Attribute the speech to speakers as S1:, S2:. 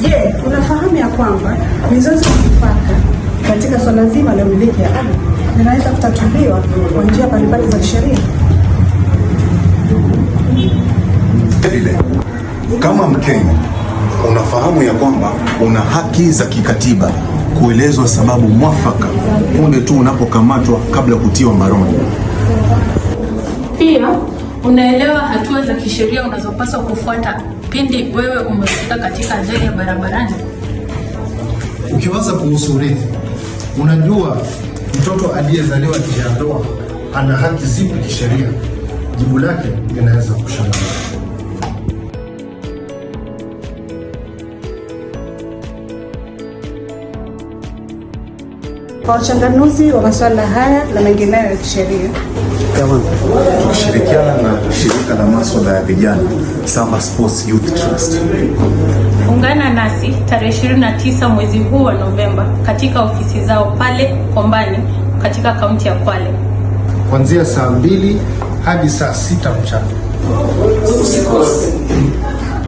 S1: Je, unafahamu ya kwamba mizozo ya mipaka katika swala zima la umiliki ya ardhi linaweza kutatuliwa kwa njia mbalimbali za kisheria?
S2: kama Mkenya unafahamu ya kwamba una haki za kikatiba kuelezwa sababu mwafaka punde tu unapokamatwa kabla ya kutiwa mbaroni.
S3: Pia unaelewa hatua za kisheria unazopaswa kufuata pindi wewe umefika katika ajali ya barabarani?
S2: Ukiwaza kuhusu urithi, unajua mtoto aliyezaliwa nje ya ndoa ana haki zipi kisheria? Jibu lake linaweza kushangaza.
S1: kwa uchanganuzi wa masuala haya na mengineyo ya kisheria
S2: tukishirikiana na shirika la masuala ya vijana Samba Sports Youth Trust.
S3: Ungana nasi tarehe 29 mwezi huu wa Novemba katika ofisi zao pale Kombani katika kaunti ya Kwale
S2: kuanzia saa mbili hadi saa sita mchana. Usikose.